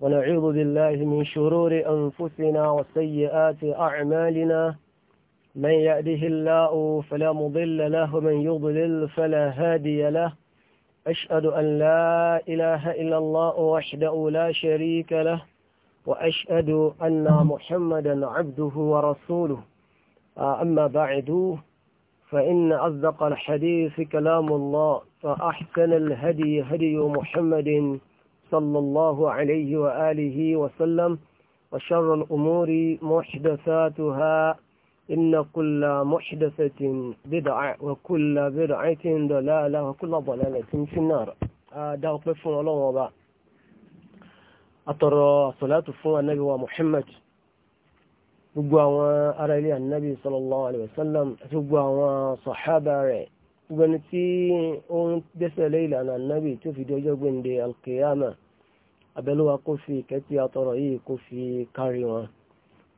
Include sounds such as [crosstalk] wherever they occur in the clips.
ونعوذ بالله من شرور أنفسنا وسيئات أعمالنا من يأده الله فلا مضل له ومن يضلل فلا هادي له أشهد أن لا إله إلا الله وحده لا شريك له وأشهد أن محمدا عبده ورسوله أما بعد فإن أصدق الحديث كلام الله فأحسن الهدي هدي محمد صلى الله عليه وآله وسلم وشر الأمور محدثاتها إن كل محدثة بدعة وكل بدعة ضلالة وكل ضلالة في النار دعوة بفن الله وضع أترى صلاة فن النبي ومحمد gbogbo àwọn ará ilé ànábì sallallahu alaihi wasallam àti gbogbo àwọn sàhábà rẹ̀ gbogbo ẹni tí ó ń dẹ́sẹ̀ lé ìlànà ànábì tó fi di ọjọ́ gbẹ̀ǹde alkiyama abẹ́lúwa kó fi ìkẹ́tì àtọ̀rọ̀ yìí kó fi kárí wọn.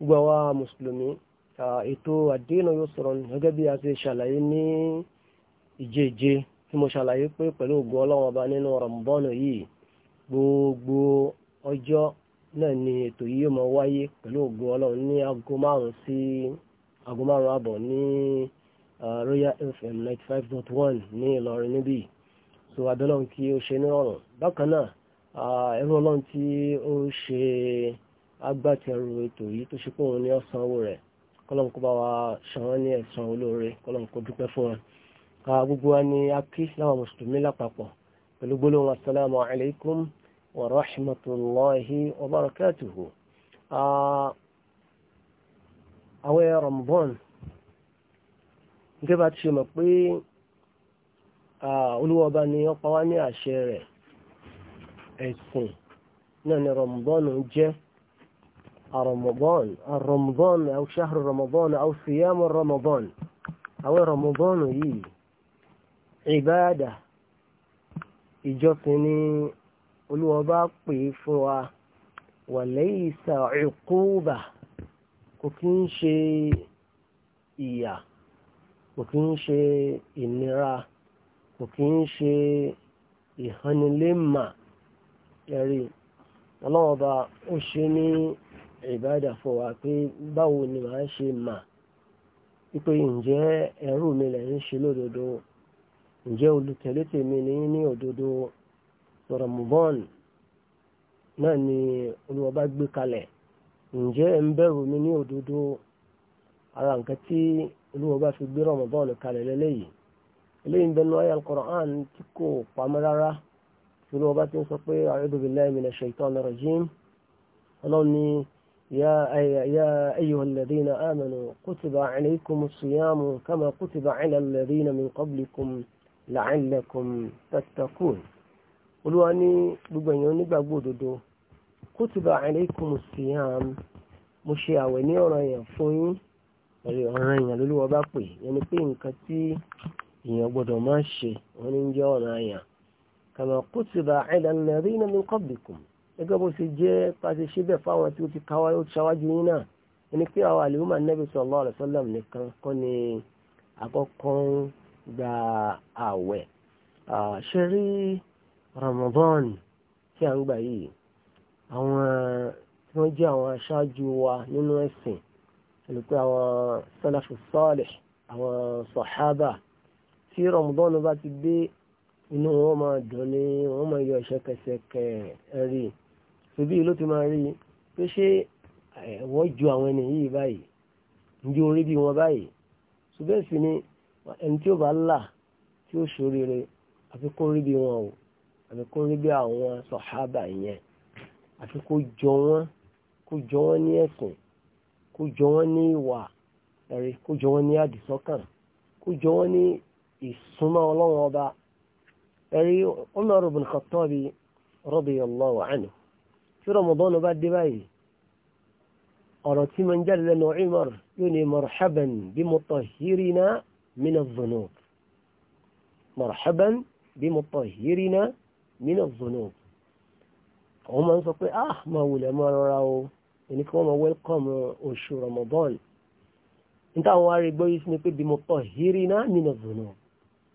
gbogbo àwa mùsùlùmí ètò àdéhùn yóò sọ̀rọ̀ gẹ́gẹ́ bí a ti ṣàlàyé ní ìjeje tí mo ṣàlàyé pé pẹ̀lú ògùn ọlọ́wọ́n ọba nínú Ramadan yìí gbogbo ọjọ́ náà ni ètò yìí máa wáyé pẹ̀lú ògùn ọlọ́run ní aago márùn-ún sí aago márùn àbọ̀ ní Royal FM ninety five dot one ní Ìlọrin níbí so abẹ́lọ́run kí o ṣe nírọ̀rùn bákan náà Ah, ẹrú ọlọ́run tí ó ṣe agbátẹrù ètò yìí tó ṣe pé òun ní ọ̀sán owó rẹ̀ kọ́lọ́n kó bá wa san wọ́n ní olóore kọ́lọ́n kó dúpẹ́ fún wọn. gbogbo wa ni a kí láwọn mùsùlùmí lápapọ̀ pẹ̀lú gbólóhùn asalaamu alaykum wa rahmatulahi wa barakatuhu. àwẹ̀ Ramadan gẹ́gẹ́ bá ti ṣe mọ̀ pé olúwa ọba ni ó pa wá ní àṣẹ rẹ̀ ẹ̀sìn náà ni rọmọbọ́ọ̀nù jẹ́ àrọmọbọ́ọ̀nù àrọmọbọ́ọ̀nù àwòṣàrò rọmọbọ́ọ̀nù àwòṣìyàmù rọmọbọ́ọ̀nù àwọn rọmọbọ́ọ̀nù yìí ìbáàdà ìjọsìn ni olúwa bá pè é fún wa wà lẹ́yìn ìsàkóbà kò kí ń ṣe ìyà kò kí ń ṣe ìnira kò kí ń ṣe ìhánilémà. E ẹ̀rí ọlọ́ọ̀ba ó ṣe ní ìbádà fún pé báwo ni màá ṣe mà wípé ǹjẹ́ ẹrú mi lẹ̀ ń ṣe lódodo ǹjẹ́ olùtẹ̀lé tèmi ní ní òdodo náà ni gbé kalẹ̀ ǹjẹ́ ń bẹ̀rù ara nǹkan tí fi gbé kalẹ̀ tolú ọba tí ń sọ pé a'udhu billahi minash shaitani rajim ọlọ́run ni ya ayyuhal ladhina amanu kutiba alaykumus siyamu kama kutiba ala alladhina min qablikum la'allakum tattaqun olúwa ní gbogbo èèyàn onígbàgbọ́ òdodo kutiba alaykumus siyam mo ṣe àwẹ̀ ní ọ̀ranyàn fún yín ọ̀ràn èèyàn lólúwọ́ bá pè yẹn ni pé nǹkan tí èèyàn gbọ́dọ̀ máa ṣe wọ́n ní ń jẹ́ ọ̀ràn èèyàn kàmá kutiba ala alladhina min qablikum gẹ́gẹ́ bó ṣe jẹ́ pàṣẹ ṣíbẹ̀ fáwọn tí ó ti káwá ó ti ṣáwájú yín náà ẹni pé àwọn àlùmọ́ nẹ́bí sallallahu alaihi wasallam nìkan kọ́ ni àkọ́kọ́ ń gba àwẹ̀ ṣe rí Ramadan tí a ń gbà yìí àwọn tí wọ́n jẹ́ àwọn aṣáájú wa nínú ẹ̀sìn ẹni pé àwọn salafu salih àwọn sahaba tí Ramadan bá ti dé inú wọn máa dùn ní wọn máa yọ ṣẹkẹṣẹkẹ ẹrí ṣubí ló ti máa rí pé ṣé wọ́n ju àwọn ẹni yìí báyìí ǹjẹ́ orí bí wọn báyìí ṣùgbọ́n sì ni ẹni tí ó bá là tí o rí bí àwọn sọ̀hábà yẹn jọ wọn kó jọ wọn ní ẹ̀sìn kó jọ wọn ní ìwà ẹ̀rí kó jọ wọn ní àdìsọ́kàn kó ẹ̀rí Umar ibn Khattab radiyallahu anhu tí Ramadan bá dé báyìí ọ̀rọ̀ tí máa ń jáde lẹ́nu Umar yóò ní marhaban bi mutahhirina min adh-dhunub marhaban bi mutahhirina min adh-dhunub àwọn máa ń sọ pé ah máa wulẹ̀ máa rọra o ẹni kí wọ́n máa welcome oṣù Ramadan níta àwọn arígbóyìí sí ni pé bi mutahhirina min adh-dhunub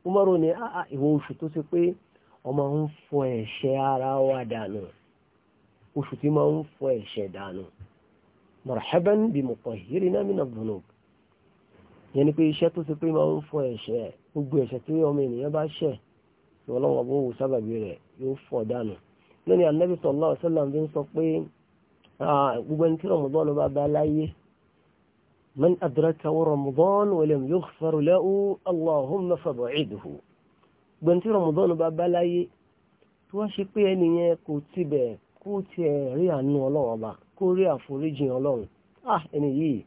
Umaru ni àà ah, ah, ìwọ oṣù tó ṣe pé ọmọ ń fọ ẹ̀ṣẹ̀ ara wa dànù oṣù tí ma ń fọ ẹ̀ṣẹ̀ dànù marhaban bi mutahhirina mina dhunub yẹn ni pé iṣẹ́ tó ṣe pé ma ń fọ ẹ̀ṣẹ̀ gbogbo ẹ̀ṣẹ̀ tí ọmọ ènìyàn bá ṣẹ̀ tí sábàbí rẹ̀ yóò fọ dànù lónìí anabi sallallahu alaihi ń sọ pé ah, gbogbo ẹni tí Ramadan bá bá láyé من أدركه رمضان ولم يغفر له اللهم فبعده gbẹ̀ntí rọmọdọ́nù bá bá láyé tí wọ́n ṣe pé ẹni yẹn kò tibẹ̀ kó tiẹ̀ rí àánú ọlọ́run ọba kó rí àforíjì ọlọ́run ah ẹni yìí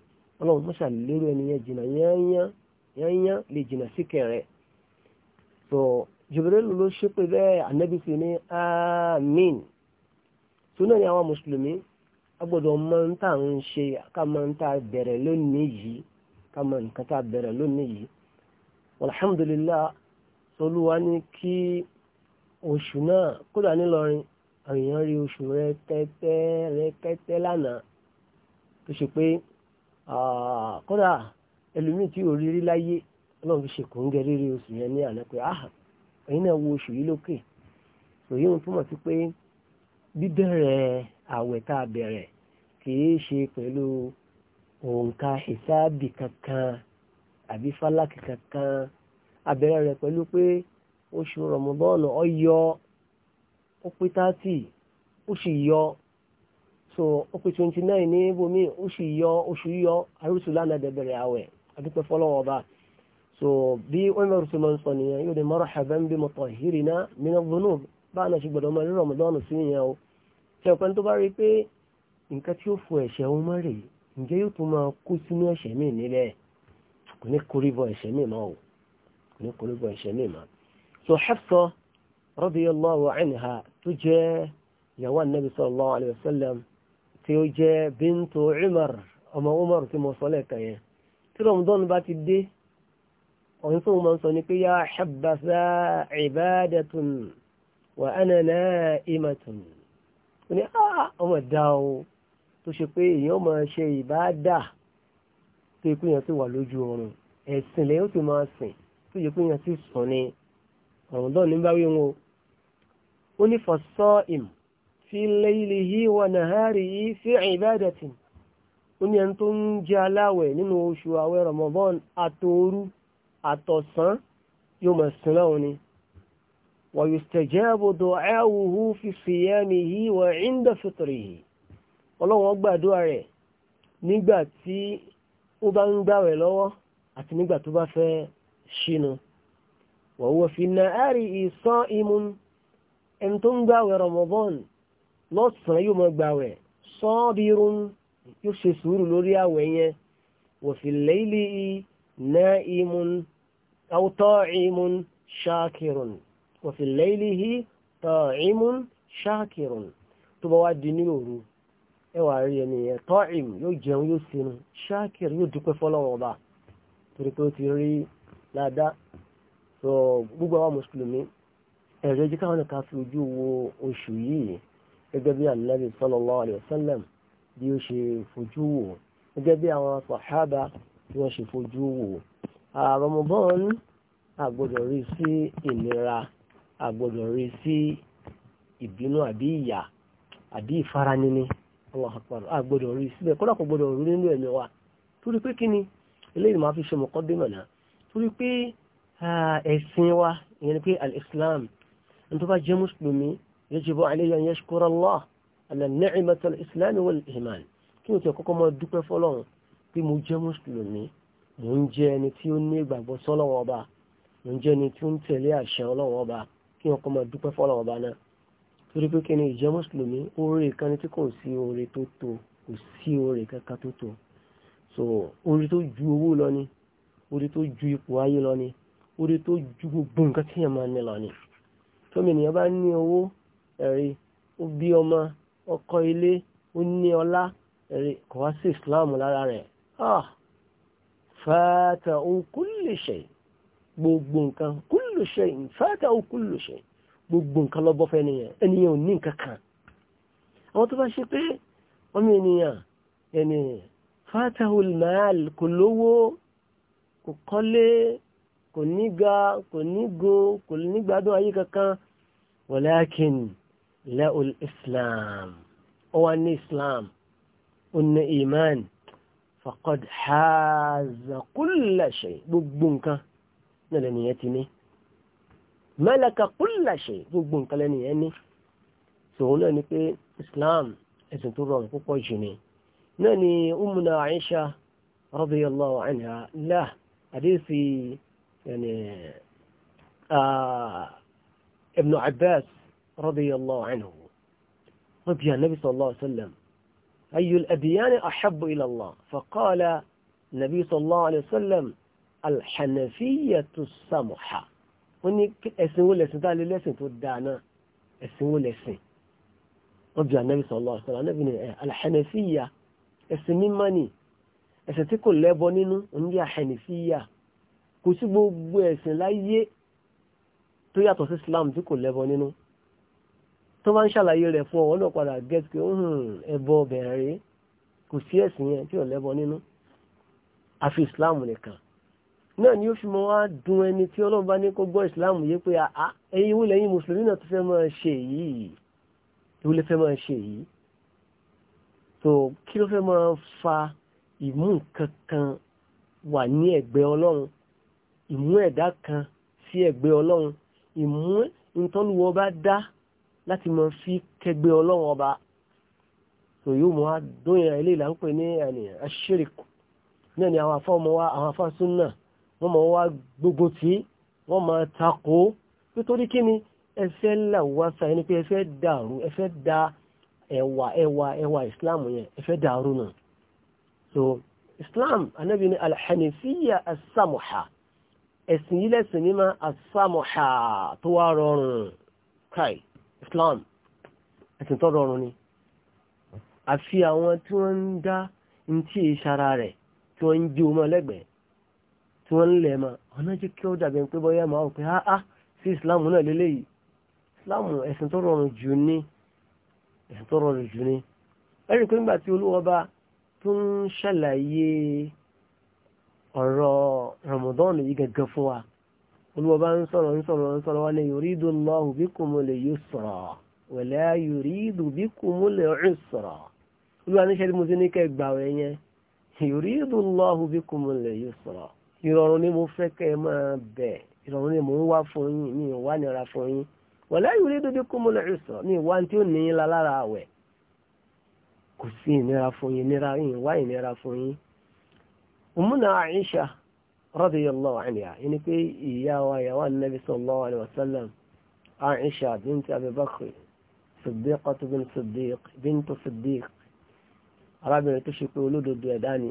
ọlọ́run mọ́ṣà lérò ẹni yẹn jìnnà yányán lè jìnnà sí kẹrẹ so jùbẹ́rẹ́lù ló ṣépè bẹ́ẹ̀ ànábì sí ní amín tó náà ni àwọn mùsùlùmí a gbọ́dọ̀ máa ń tà ń ṣe ká máa ń tà bẹ̀rẹ̀ lónìí yìí ká máa ń kàtà bẹ̀rẹ̀ lónìí yìí alhamdulillah olúwa ní kí oṣù náà kódà nílọrin àyàn rí oṣù rẹ tẹ́tẹ́ rẹ tẹ́tẹ́ lánàá tó ṣe pé kódà ẹlòmíì tí ò rírí láyé ọlọ́run fi ṣe kò ń gẹ rírí oṣù yẹn ní àná pé ah ẹ̀yin náà wo oṣù yìí lókè òye ń bíbẹ̀rẹ̀ àwẹ̀ tá a bẹ̀rẹ̀ kìí ṣe pẹ̀lú òǹkà ìsáàbì kankan àbí fálákì kankan a rẹ̀ pẹ̀lú pé oṣù rọ̀mọbọ́ọ̀lù ọyọ ó pé so ó pé twenty nine ní ibòmíì ó sì yọ oṣù yọ arúsù lánàá dẹ̀bẹ̀rẹ̀ àwẹ̀ adúpẹ́ so bí Umar ṣe máa ń sọ nìyẹn yóò dé marhaban báwọn náà ṣe gbọ́dọ̀ ọmọ rí rọmọdọ́nù sí ìyẹn o ṣe ọ̀pẹ́ tó bá rí pé nǹkan tí ó fo ẹ̀ṣẹ̀ òun mọ́ rèé ǹjẹ́ yóò tún máa kó sínú ẹ̀ṣẹ̀ míì nílẹ̀ kò ní koríbọ ẹ̀ṣẹ̀ míì mọ́ o kò ní koríbọ ẹ̀ṣẹ̀ míì mọ́. so Hafsa radiyallahu anha tó jẹ́ ìyàwó anabi sallallahu alayhi wa sallam tí ó jẹ́ bíntu Umar ọmọ Umar tí mo sọ lẹ́ẹ̀kan yẹn tí rọmọdọ́nù bá ti dé ọ̀hún tó máa sọ ni pé yá habasa ibadatun. wà ánànà ìmọ̀tún ó ní ah, ọmọ ìdá o tó ṣe pé èèyàn ma ṣe ìbáadà tó ikú yẹn ti wà lójú oorun ẹ̀sìn lẹ́yìn ó máa sìn tó yẹ kó sùn ni ọ̀rùn náà ní báwí wọn ó ní fọ̀sọ́ ìm fi lẹ́yìnlẹ̀ yìí wà nàhárì yìí fi ìbádàtì ó ní ẹni tó ń jẹ́ aláwẹ̀ nínú oṣù àwẹ̀ Ramadan àtòru àtọ̀sán yóò máa sìn ويستجاب دعاؤه في صيامه وعند فطره ọlọ́wọ́n gbàdúrà rẹ̀ nígbà tí ó bá ń gbààwẹ̀ lọ́wọ́ àti nígbà tó bá fẹ́ ṣínú وهو في النهار صائم ẹni tó ń gbààwẹ̀ Ramadan lọ́sàn-án yóò máa gbààwẹ̀ صابر yóò ṣe sùúrù lórí àwẹ̀ yẹn وفي الليل نائم أو طاعم شاكر وفي الليل طاعم شاكر tó bá wá di ní òru ẹwà rí ẹni yẹn tọ́ìm yóò jẹun yóò sinú ṣáàkìr yóò dúpẹ́ fọ́lọ́wọ́ ọba torí pé ó ti rí ládá sọ gbogbo àwọn mùsùlùmí ẹ̀rọ jẹ́ káwọn nìkan fi ojú wo oṣù àgbọ̀dọ̀ rí sí ìnira àgbọ̀dọ̀ rí sí ìbínú àbí ìyà àbí ìfaranini Allahu Akbar àgbọ̀dọ̀ rí síbẹ̀ kọ́dà kò gbọ́dọ̀ rí nínú ẹ̀mí wa torí pé kí ni eléyìí máa fi ṣe mọ̀kọ́démọ̀ náà torí pé ẹ̀sìn wa ìyẹn ni pé al-Islam ní tó bá jẹ́ mùsùlùmí yajibu alayhi an yashkura Allah ala ni'mati al-Islam wal-iman kí ni tẹ̀ kọ́kọ́ máa dúpẹ́ fọlọ́run pé mo jẹ́ mùsùlùmí mo ń jẹ́ ẹni tí ó ní ìgbàgbọ́ sọ́lọ́wọ́ ọba mo ń jẹ́ ẹni tí ó ń tẹ̀lé àṣẹ ọlọ́wọ́ ọba kí wọn kọ́ máa dúpẹ́ fọ́lọ̀ ọba náà torí pé kí ni ìjẹ́ mùsùlùmí oore kan ní tí kò sí oore tó tó kò sí oore kankan tó tó so oore tó ju owó lọ ni oore tó ju ipò ayé lọ ni oore tó ju gbogbo nǹkan tí yẹn máa ní lọ ni tómi ènìyàn bá ní owó ẹ̀rí ó bí ọmọ ọkọ ilé ó ní ọlá ẹ̀rí kò wá sí Islam lára rẹ̀ ah fata òun kúlè ṣe gbogbo nǹkan kúlè shay'in fatahu kullu shay' gbogbo nǹkan lọ́bọ́ fẹ́ nìyẹn ẹnìyàn ò ní nǹkan kan àwọn tó bá ṣe pé ọmọ ènìyàn ẹni fatahu al-mal kò lówó kò kọ́lé kò ní ga kò ní go kò ní gbádùn ayé kankan walakin la'ul islam ó wà ní islam ó ní iman faqad haza kulla shay gbogbo nǹkan náà lẹ́nìyàn ti ní. mẹ́lẹ̀ka kúlẹ̀ṣẹ̀ gbogbo nǹkan lẹ́nu yẹn ní tòun náà ni pé islam ẹ̀sìn tó rọrùn púpọ̀ jù ni náà ni umuna aisha radiyallahu anha la àdéhùsì yani ibnu abbas radiyallahu anhu رضي النبي صلى الله عليه وسلم أي الأديان أحب إلى الله فقال النبي صلى الله عليه وسلم الحنفية السمحة wọ́n ní ẹ̀sìn wo lẹ̀sìn táà lé lẹ́sìn tó dáa náà ẹ̀sìn wo lẹ̀sìn wọ́n bí anábì sallallahu alaihi wasallam anábì ní al-hanafiyya ẹ̀sìn mímọ́ ni ẹ̀sìn tí kò lẹ́bọ nínú oníyẹ al-hanafiyya kò sí gbogbo ẹ̀sìn láyé tó yàtọ̀ sí Islam tí kò lẹ́bọ nínú tó bá ń ṣàlàyé rẹ̀ fún ọ̀wọ́ náà padà gẹ́t pé ẹbọ bẹ̀rẹ̀ kò sí ẹ̀sìn yẹn tí ò náà ni ó fi mọ wá dùn ẹni tí ọlọ́run bá ní kó gbọ́ islam yé pé ah, ah, ẹ̀yin wo lẹ́yìn mùsùlùmí náà tó fẹ́ máa ṣe yìí tó fẹ́ máa ṣe yìí so kí ló fẹ́ máa fa ìmú nǹkan kan wà ní ẹ̀gbẹ́ ọlọ́run ìmú ẹ̀dá kan sí ẹ̀gbẹ́ ọlọ́run ìmú ìtọ́lùwọ́ bá dá láti mọ fi kẹgbẹ́ ọlọ́run ọba so yóò mọ adóyìn ilé ìlànà pé ní àṣírí náà ni àwọn afọ́ ọmọ wa àwọn afọ́ súnà wọ́n máa wá gbogbo tí wọ́n máa takò nítorí kí ni ẹfẹ́ làwọ́sà ẹni pé ẹfẹ́ dàrú ẹfẹ́ da ẹwà ẹwà ẹwà islam yẹn ẹfẹ́ dàrú nù so islam anábì ni alhanifiyya asamuha ẹ̀sìn yìí lẹ́sìn mímọ́ asamuha tó wá rọrùn kai islam ẹ̀sìn tó rọrùn ni àfi àwọn tí wọ́n ń dá ní tí ìṣara rẹ̀ tí wọ́n ń jí omi ọlẹ́gbẹ̀ẹ́ tí wọ́n ń lẹ̀ mọ́ ọ̀nà jẹ́ kí ó dàbí pé bọ́yá máa pé áá ah, ah, sí islam náà lélẹ́yìí islam ẹ̀sìn tó rọrùn jù ní ẹ̀sìn tó rọrùn jù ní ẹ̀rí pé nígbà tí olúwọba tó ń ṣàlàyé ọ̀rọ̀ ramadan yìí gẹ́gẹ́ fún wa olúwọba ń sọ̀rọ̀ ń sọ̀rọ̀ ń sọ̀rọ̀ wa ní yuridu Allahu bikumul yusra wala yuridu bikumul usra olúwa níṣẹ́ tí mo ti ní kẹ́ gbàwẹ̀ yẹn [laughs] yuridu Allahu bikumul yusra ìrọ̀rùn ni mo fẹ́ kẹ́ ẹ máa bẹ̀ ìrọ̀rùn ni mo ń wá fún yín mi ò wá nira fún yín wala yuridu bikumul usra mi ìwá tí ó níyìn la lára àwẹ̀ kò sí ìnira fún yín nira yín wá ìnira fún yín. Ummuna Aisha radiyallahu anha yìí ni pé ìyá wa ìyàwó Nabi sallallahu alaihi wasallam Aisha bint Abi Bakr Siddiqat bint Siddiq bint Siddiq arábìnrin tó ṣe pé olódodo ẹ̀dá ni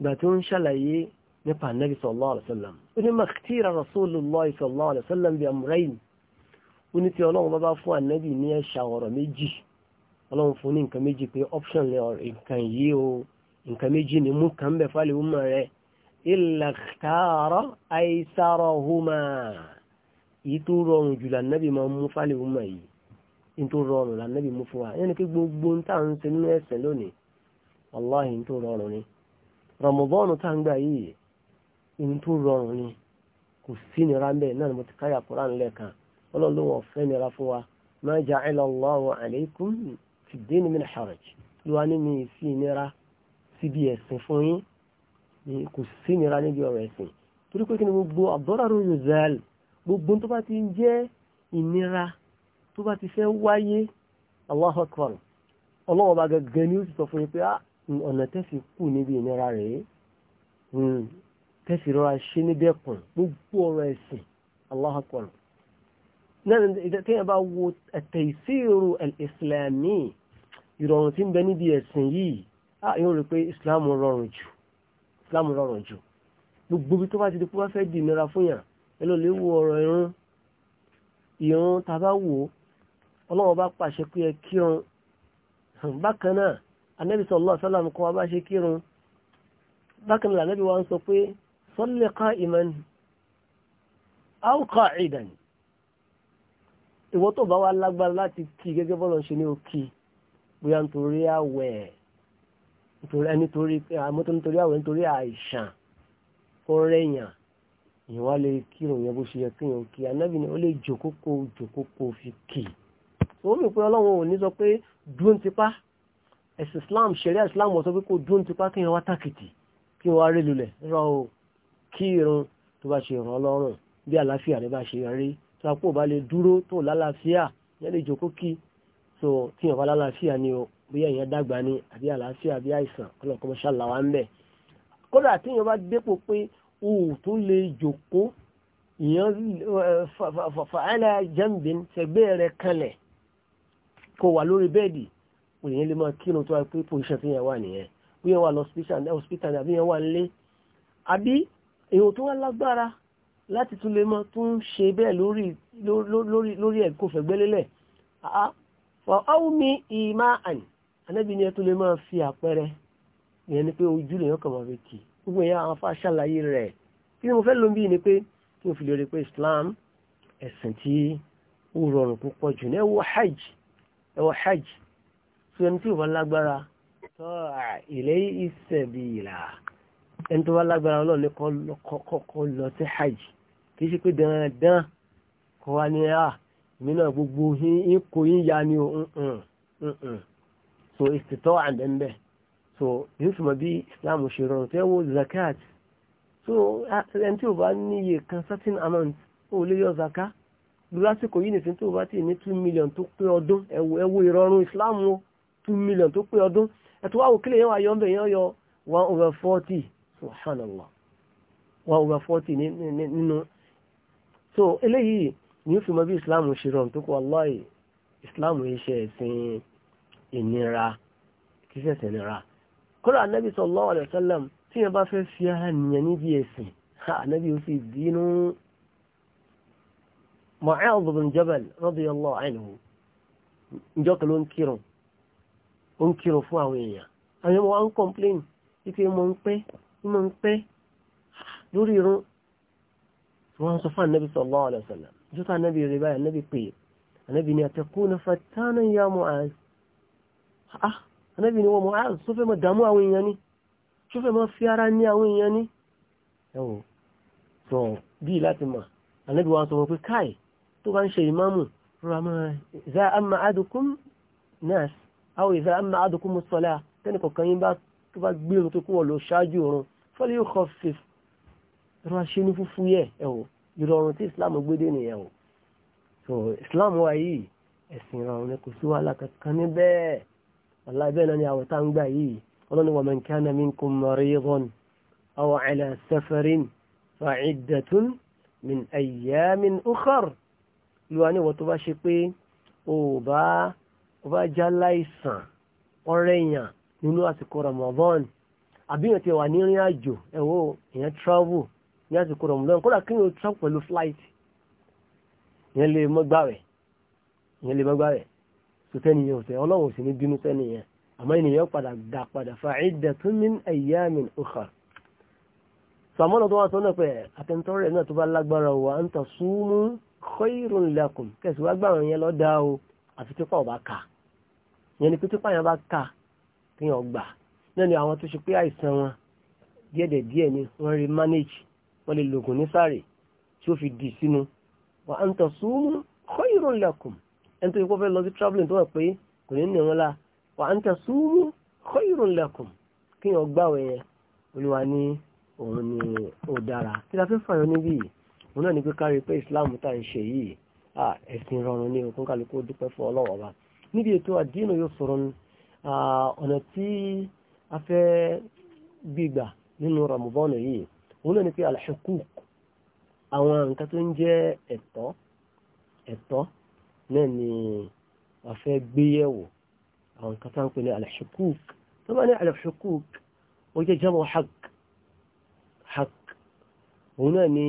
ìgbà tó ń ṣàlàyé nípa ànábì sallallahu alaihi wasallam ó ní makhtira rasulullah sallallahu alaihi wasallam bi amrayn ó ní tí ọlọ́run bá bá fún ànábì ní ẹ̀ṣà ọ̀rọ̀ méjì ọlọ́run fún ní nǹkan méjì pé option lè nǹkan yìí o nǹkan méjì ni mú kan bẹ̀ fálẹ̀ ọmọ rẹ̀ illa ikhtara aysarahuma yìí tó rọrùn jù lànàbì máa mú fálẹ̀ ọmọ yìí yìí tó rọrùn lànàbì mú fún wa yẹn ni pé gbogbo ń tà ń ṣe nínú ẹ̀sẹ̀ lónìí wàláhì ń tó rọrùn ni rọmọbọ́ọ̀nù tá ń gbà yìí ohun tó rọrùn ni kò sí nira ń bẹ̀ náà ni mo ti káyà kúrán lẹ́ẹ̀kan ọlọ́run ló wọ́n fẹ́ nira fún wa ma ja'ala Allahu alaykum fi ddin min haraj ló wá ní mi sí nira síbi ẹ̀sìn fún yín ni kò sí nira níbi ọ̀rọ̀ ẹ̀sìn torí pé kí ni gbogbo ad-dararu yuzal gbogbo tó bá ti ń jẹ́ ìnira tó bá ti fẹ́ wáyé Allahu ọlọ́wọ́ bá gẹ́gẹ́ ni ó sì sọ fún yín pé ah, ọ̀nà tẹ́sí kù níbi ìnira rèé hmm tẹ́sí rọra ṣe níbẹ̀ kùn gbogbo ọ̀rọ̀ ẹ̀sìn Allahu Akbar náà tẹ́yìn bá wo at-taysiru al-islami ìrọ̀rùn tí ń bẹ níbi ẹ̀sìn yìí yóò rí pé islam rọrùn jù islam rọrùn jù gbogbo bí tó bá ti di pé wọ́n fẹ́ di ìnira fún yàn ẹ lọ ọ̀rọ̀ irun ìrun tàbá wò ọlọ́wọ́ bá pàṣẹ pé ẹ kírun bákan náà anẹ́bí sallallahu alaihi wasallam kọ́ wa bá ṣe kírun bákan náà anẹ́bí wa ń sọ pé صل قائما أو قاعدا ìwọ tó bá wá lágbára láti kí gẹ́gẹ́ bọ́lọ̀ ṣe ní òkè bóyá nítorí àwẹ̀ nítorí àmọ́tò nítorí àwẹ̀ nítorí àìsàn ó rẹ̀yàn èèyàn wá lè kírun yẹn bó ṣe yẹ kéèyàn kí anábì ni ó lè jòkókò jòkókò fi kì ó mì pé ọlọ́run ò ní sọ pé dúró tipa ẹ̀sìn Islam ṣẹ̀ríà Islam wọ́n sọ pé kò dúró tipa kéèyàn wá tàkìtì kí wọ́n wá rí lulẹ̀ rọ kí irun tó bá ṣe ràn lọ́rùn bí àlàáfíà rẹ bá ṣe rí tó bá pò bá lè dúró tó lálàáfíà yẹn lè jókòó kí so tí yẹn bá lálàáfíà ni o bóyá ìyẹn dàgbà ni àbí àlàáfíà àbí àìsàn ọlọ́kọ́ mọ́ṣá làwa ń bẹ̀. kódà tí yẹn bá dépò pé òun tó lè jókòó ìyẹn fàáìlà jẹ́ǹbìn sẹ́gbẹ́ rẹ kanlẹ̀ kó wà lórí bẹ́ẹ̀dì òyìn lè máa kírun tó wá pé pòṣíṣàn tí yẹn wà nìyẹn bí yẹn wà lọ hospital ní àbí yẹn wà nílé àbí èèyàn tó wá lágbára láti tún lè mọ́ tún ṣe bẹ́ẹ̀ lórí lórí ẹ̀ kò fẹ̀gbẹ́lélẹ̀ fọ ọ́wùmí ìmá àn anábì ni ẹ tún lè mọ́ fi àpẹẹrẹ ìyẹn ni pé ojú lèèyàn kàn máa fi kì gbogbo ìyá àwọn afá ṣàlàyé rẹ̀ kí ni mo fẹ́ lóun bí ni pé kí n fi lè rí pé Islam ẹ̀sìn tí ó rọrùn púpọ̀ jù ní ẹ wò hajj ẹ wò hajj tí ẹni tí ò bá lágbára tọ́ ilé ìsẹ̀bìlà ẹni tó wá lágbára ọlọ́run ní kọ́ lọ sí hajj kì í ṣe pé dandan kọ́ wá ní ah, à mí gbogbo yín kò yín ya o so ìsìtọ́ àdẹ́mbẹ́ so yóò túnmọ̀ bí Islam ṣe rọrùn tó wo zakat so ẹni tí o bá níye kan certain amount ó lè yọ zakat lásìkò yìí nìsín tó bá ti ní two million tó pé ọdún ẹ wo ìrọ̀rùn Islam two million tó pé ọdún ẹ̀tọ́ wà wò kílè yẹn wà yọ ọ́nbẹ̀ yẹn yọ one over forty subhanallah wà over forty nínú so eléyìí ní fi mọ bí islam ṣe rọrùn tó kọ wallahi islam yìí ṣe ẹ̀sìn ìnira kì í ṣẹ̀sìn ìnira kọ́lá anábì sallallahu alaihi wasallam tí yẹn bá fẹ́ fi ara nìyẹn níbi ẹ̀sìn anábì ó sì dínú Mu'adh bin Jabal radiyallahu anhu ìjọ kan ló ń fún àwọn èèyàn àwọn èèyàn wọn ń complain wípé mo ń pẹ́ ó máa ń pẹ́ lórí irun wọ́n sọ fún ànábì sallallahu alaihi wasallam jọ́ta ànábì rẹ̀ báyìí ànábì pè ànábì ni atakuna fatanan ya Mu'az ah ànábì ni wọ́n Mu'az ah, tó fẹ́ mọ́ dàmú àwọn èèyàn ni tó fẹ́ mọ́ fi ara ní àwọn èèyàn ni ẹ̀wọ̀n sọ bí láti mọ̀ ànábì wọn sọ wọn pé káì tó bá ń ṣe ìmáàmù rama za amma adukum nas aw iza amma adukum musalla fọ́lẹ́ yóò kọ́ fif ẹ̀rọ aṣẹ́ ní fúfú yẹ ẹ̀ o ìrọ̀rùn tí islam gbédè nìyẹn o so islam wa yìí ẹ̀sìn ìrọ̀rùn ni kò sí wàhálà kankan níbẹ̀ aláìbẹ̀ náà ni àwọ̀ tá ń gbà yìí ọlọ́ni wa man kana minkum maridan aw ala safarin fa iddatun min ayyamin ukhar lùwà ní ìwọ̀n tó bá ṣe pé o bá o bá já láìsàn ọ̀rẹ́yàn nínú àsìkò ramadan àbí èèyàn ti wà ní ìrìn àjò ẹ̀wọ́ èèyàn travel ní àsìkò rọ̀mùlọ́n kódà kí ni o travel pẹ̀lú flight ìyẹn lè mọ́gbà rẹ̀ ìyẹn lè mọ́gbà rẹ̀ tó tẹ́niyàn ọ̀sẹ̀ ọlọ́run sì ní bínú sẹ́niyàn àmọ́ ènìyàn padà dà padà fa iddatun min ayyamin ukhar sàmọ́nà tó wá sọ náà pé àtẹnitọ́rẹ̀ náà tó bá lágbára wa an tasumu khairun lakum kẹsì wá gbàrún yẹn lọ́dà o àfi tipa ọba ka ìyẹn ni pé tipa yẹn bá ka kéèyàn gbà náà ni àwọn tó ṣe pé àìsàn wọn díẹ̀dẹ̀ díẹ̀ ni wọ́n rí manage wọ́n lè lògùn nísàrè tí ó fi dì sínú wa an tasumu khayrun lakum ẹni tó yẹ kó fẹ́ lọ sí travelling tó wà pé kò ní nìyẹn la wa an tasumu khayrun lakum kí wọ́n gbàwẹ̀ yẹn olúwa ní òun ni ó dára kí la fẹ́ fààyàn níbí òun náà ni pé kárí pé Islam tá à ń ṣe yìí ẹ̀sìn rọrùn ní òkun kálukú dúpẹ́ fún ọlọ́wọ́ wa níbi ètò àdínà yóò sọ̀rọ̀ ọ̀nà tí afẹ́ gbígbà nínú ramubọ́ọ̀nù yìí òun náà ni pé alhukuk àwọn nǹkan tó ń jẹ́ ẹ̀tọ́ ẹ̀tọ́ náà ni afẹ́ gbéyẹ̀wò àwọn nǹkan tó ń pè ní alhukuk tó bá ní alhukuk ó jẹ́ jẹ́mọ̀ haq haq náà ni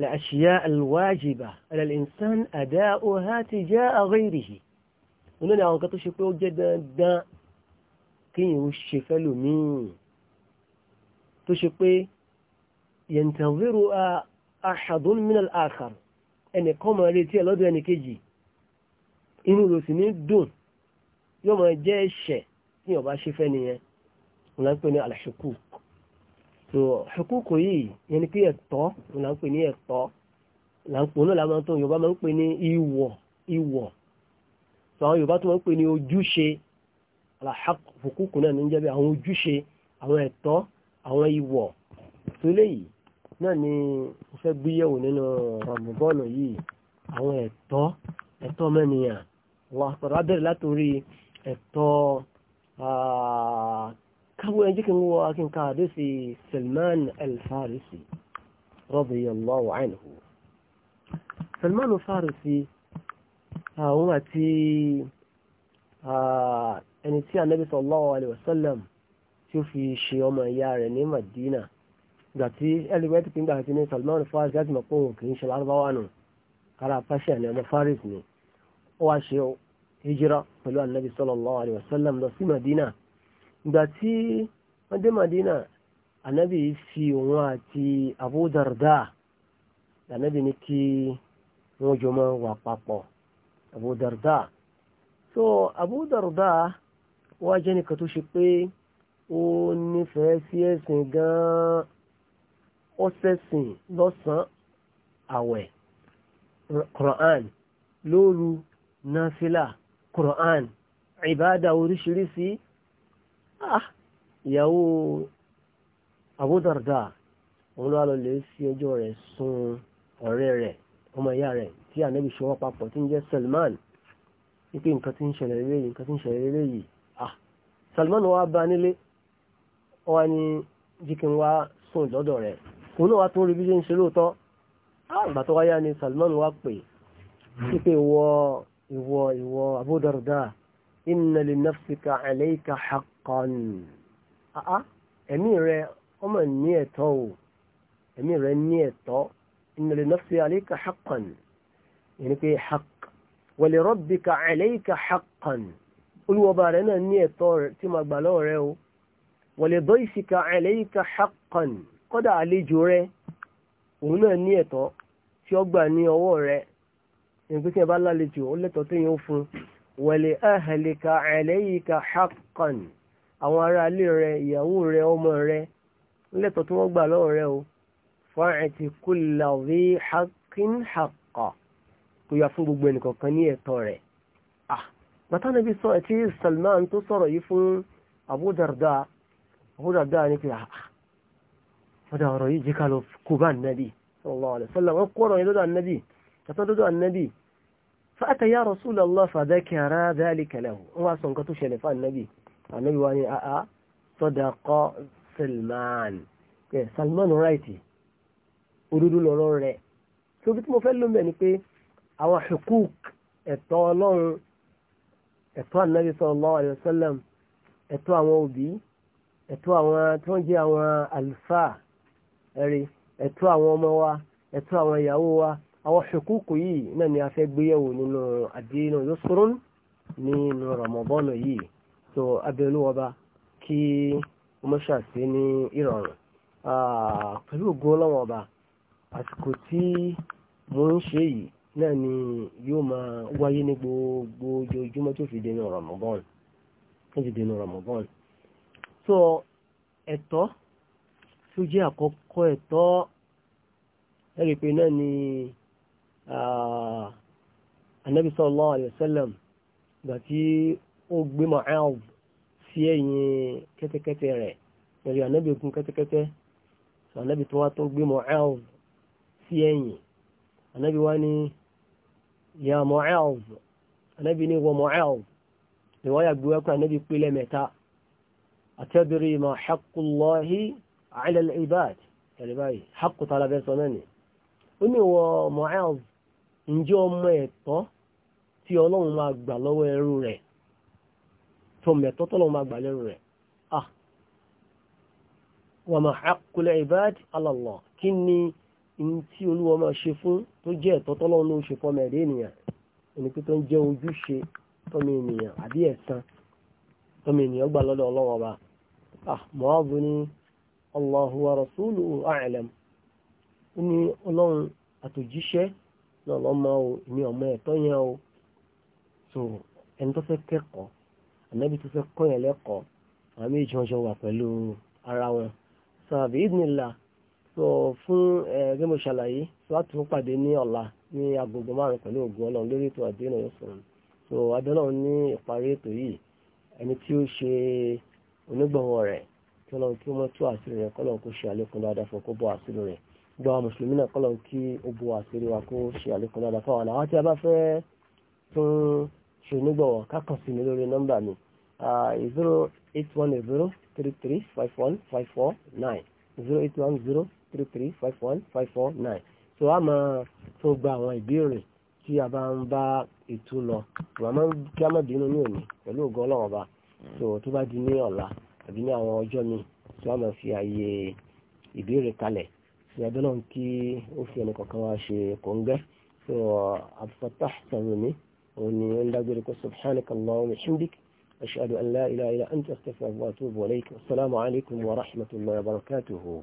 الأشياء الواجبة على الإنسان أداؤها تجاه غيره هنا نعم قطش يقول جدا دا kíyàn ó ṣe fẹ́lòmíì tó ṣe pé yẹ̀ntàwérò ahadun minal akhar ẹnìkan mọ̀ retí ẹ̀ lọ́dọ̀ ẹnìkejì inú rò sì ní dùn yóò mọ̀ jẹ́ ẹ̀ṣẹ̀ tí yóò bá ṣe fẹ́ nìyẹn wọn là ń pè ní alàṣekù tó ṣekùkù yìí yẹn ni pé ẹ̀tọ́ ní ẹ̀tọ́ là àwọn Yorùbá tó máa pè ní ojúṣe alahaq hukuku náà ní ń jẹ́bẹ̀ àwọn ojúṣe àwọn ẹ̀tọ́ àwọn ìwọ̀ tó léyìí náà ni mo fẹ́ gbéyẹ̀wò nínú Ramadan yìí àwọn ẹ̀tọ́ ẹ̀tọ́ mẹ́niyàn wọ́n àpọ̀rọ̀ abẹ́rẹ́ látòrí ẹ̀tọ́ káwọn ẹjẹ́ kí n wọ akínká àdéṣe àwọn àti ẹni tí anabi sallallahu alayhi wa sallam tí ó fi ṣe ọmọ ìyá rẹ̀ ní Madina gbà tí ẹlẹgbẹ́ ti pínpín àti ní Salman Faris láti mọ̀ pé òun kì í ṣe lárúbáwá nù ara Persia ni ọmọ Faris ni ó wá ṣe hijira pẹ̀lú anabi sallallahu alayhi wa sallam lọ sí Madina gbà wọ́n dé Madina anabi fi òun àti Abu Darda ní kí wọ́n jọ wà papọ̀ Abu so Abu Darda wọ́n á jẹ́ nìkan tó ṣe pé ó nífẹ̀ẹ́ sí ẹ̀sìn gan-an ó ṣẹ̀sìn lọ́sàn-án àwẹ̀ Quran lóru náfìlà Quran ìbáàdà oríṣiríṣi ah, ìyàwó àbúdàrdà òun ló wà lọ́lẹ̀ ẹjọ́ rẹ̀ sun ọ̀rẹ́ rẹ̀ ọmọ ìyá rẹ̀ tí ànábì ṣe tí ń jẹ́ Salman wípé nǹkan tí ń ṣẹlẹ̀ lélẹ́yìí nǹkan Ah, Salman wa bá nílé ọwá ní jíkin wá sùn lọ́dọ̀ rẹ̀ òun náà wá tún rí bí ṣe ń ṣe lóòótọ́ àgbà ah, tó wáyá ni Salman wa pè sí pé ìwọ ìwọ ìwọ Abu Darda inna li nafsika alayka haqqan ah, ẹ̀mí rẹ̀ ọmọ ní ẹ̀tọ́ o ẹ̀mí rẹ̀ ní ẹ̀tọ́ inna nafsika alayka haqqan yẹn pé haqq wa li rabbika haqqan. olúwọba rẹ̀ náà ní ẹ̀tọ́ tí ma gbà lọ́wọ́ o wọ̀lẹ̀ bọ́ ìsìkà alayka haqqan kọ́dà àlejò rẹ òun náà ní ẹ̀tọ́ tí ó gbà ní ọwọ́ rẹ nígbà tí ẹ bá lálejò ó lẹ́tọ̀ tó yẹn fún wọ̀lẹ̀ àwọn ará ìyàwó ọmọ lẹ́tọ̀ tí wọ́n gbà lọ́wọ́ o bàtà nàbí sọ ẹtí Salman tó sọ̀rọ̀ yìí fún Abu Darda Abu Darda ni pé àà ah, ah. ọ̀dà ọ̀rọ̀ yìí jíkà lọ kó bá nàbí sallallahu alaihi wasallam wọ́n kọ́rọ̀ yìí lọ́dọ̀ ànàbí kàtọ́ lọ́dọ̀ ànàbí fa'ata ya Rasulullah fadhakara dhalika lahu wọ́n wá sọ nǹkan tó ṣẹlẹ̀ fún ànàbí ànàbí wa ni àà sadaqa ẹ̀tọ́ ànábì sallallahu alayhi wa sallam ẹ̀tọ́ àwọn òbí ẹ̀tọ́ àwọn tí wọ́n jẹ́ àwọn àlùfáà ẹ̀rí ẹ̀tọ́ àwọn ọmọ wa ẹ̀tọ́ àwọn ìyàwó wa àwọn ṣùkúkù yìí náà ni a fẹ́ gbéyẹ̀wò nínú àdínà yusrun nínú Ramadan yìí tó abẹ́olúwọba kí ọmọṣàṣe ní ìrọ̀rùn ah, pẹ̀lú ògùn ọlọ́wọ́n àsìkò tí mo ń ṣe yìí náà ni yóò máa wáyé ní gbogbo ojoojúmọ́ tó fi dènà Ramadan tó fi dènà Ramadan so ẹ̀tọ́ tó jẹ́ àkọ́kọ́ ẹ̀tọ́ ẹ̀rí pé náà ni anabi sallallahu alayhi wa sallam gbà tí ó gbé Mu'adh sí ẹ̀yìn kẹ́tẹ́kẹ́tẹ́ rẹ̀ pẹ̀lú anabi ogun kẹ́tẹ́kẹ́tẹ́ anabi tó wá tó gbé Mu'adh sí ẹ̀yìn anabi wá ní. ya mu'az anabi ni wa mu'az riwaya gbuwa kan nabi pile meta atadri ma haqqu llahi ala al-ibad yani bai haqqu talabe sonani oni wa mu'az njo mo eto ti olohun ma gba lowo eru re to meto to lo ma gba leru re ah wa ma haqqu al-ibad ala allah kinni ní tí olúwa máa ṣe fún tó jẹ́ ẹ̀tọ́ tọ́lọ́run ló ń ṣe fọmọ ẹ̀dẹ́ ènìyàn ẹni pé tó ń jẹ́ ojúṣe tọ́mọ ènìyàn àbí ẹ̀san tọ́mọ ènìyàn gbà lọ́dọ̀ ọlọ́wọ́n ọba ah, mọ́ọ́bù ni Allahu wa rasuluhu a'lam ó ní ọlọ́run àtòjíṣẹ́ náà lọ́mọ o èmi ọmọ ẹ̀tọ́ yẹn o so ẹni tó fẹ́ kẹ́kọ̀ọ́ ànábì tó fẹ́ kọ́ yẹn lẹ́kọ̀ọ́ àwọn méjì wọn jọ wà pẹ̀lú ara wọn so àbí ìdìnnìlá so fún ẹgbẹ́ mo ṣàlàyé so a tún pàdé ní ọ̀la ní agogo márùn pẹ̀lú ògùn ọlọ́run lórí ètò àdéhùn yóò sọ̀rọ̀ so adọ́lọ́run ní ìparí ètò yìí ẹni tí ó ṣe onígbọ̀wọ́ rẹ̀ kí ọlọ́run kí wọ́n tú àṣírí rẹ̀ kọ́lọ́run kó ṣe àlékún dáadáa fún kó bọ́ àṣírí rẹ̀ gbọ́ àwọn mùsùlùmí náà kọ́lọ́run kí ó bọ́ àṣírí wa kó ṣe àlékún dáadáa fún àwọn àwọn tí a bá fẹ́ tún ṣe onígbọ̀wọ́ kákan sí mi lórí nọ́mbà zero eight one zero three three five one five four nine zero eight one zero three three five one five four nine so a máa tó gba àwọn ìbéèrè tí a bá ń bá ètò lọ ìwà máa ń kí a má bínú ní òní pẹ̀lú ògo ọlọ́run ọba so tó bá di ní ọ̀la àbí ní àwọn ọjọ́ mi so a máa fi ààyè ìbéèrè kalẹ̀ sí abẹ́ náà kí ó fi ẹnì kọ̀ọ̀kan wá ṣe kòńgẹ́ so Abdulfatah Sarumi òun ni kó subhanaka Allahumma wa bihamdika Allah an la anta astaghfiruka wa atubu ilayk assalamu alaykum wa rahmatullahi wa barakatuhu.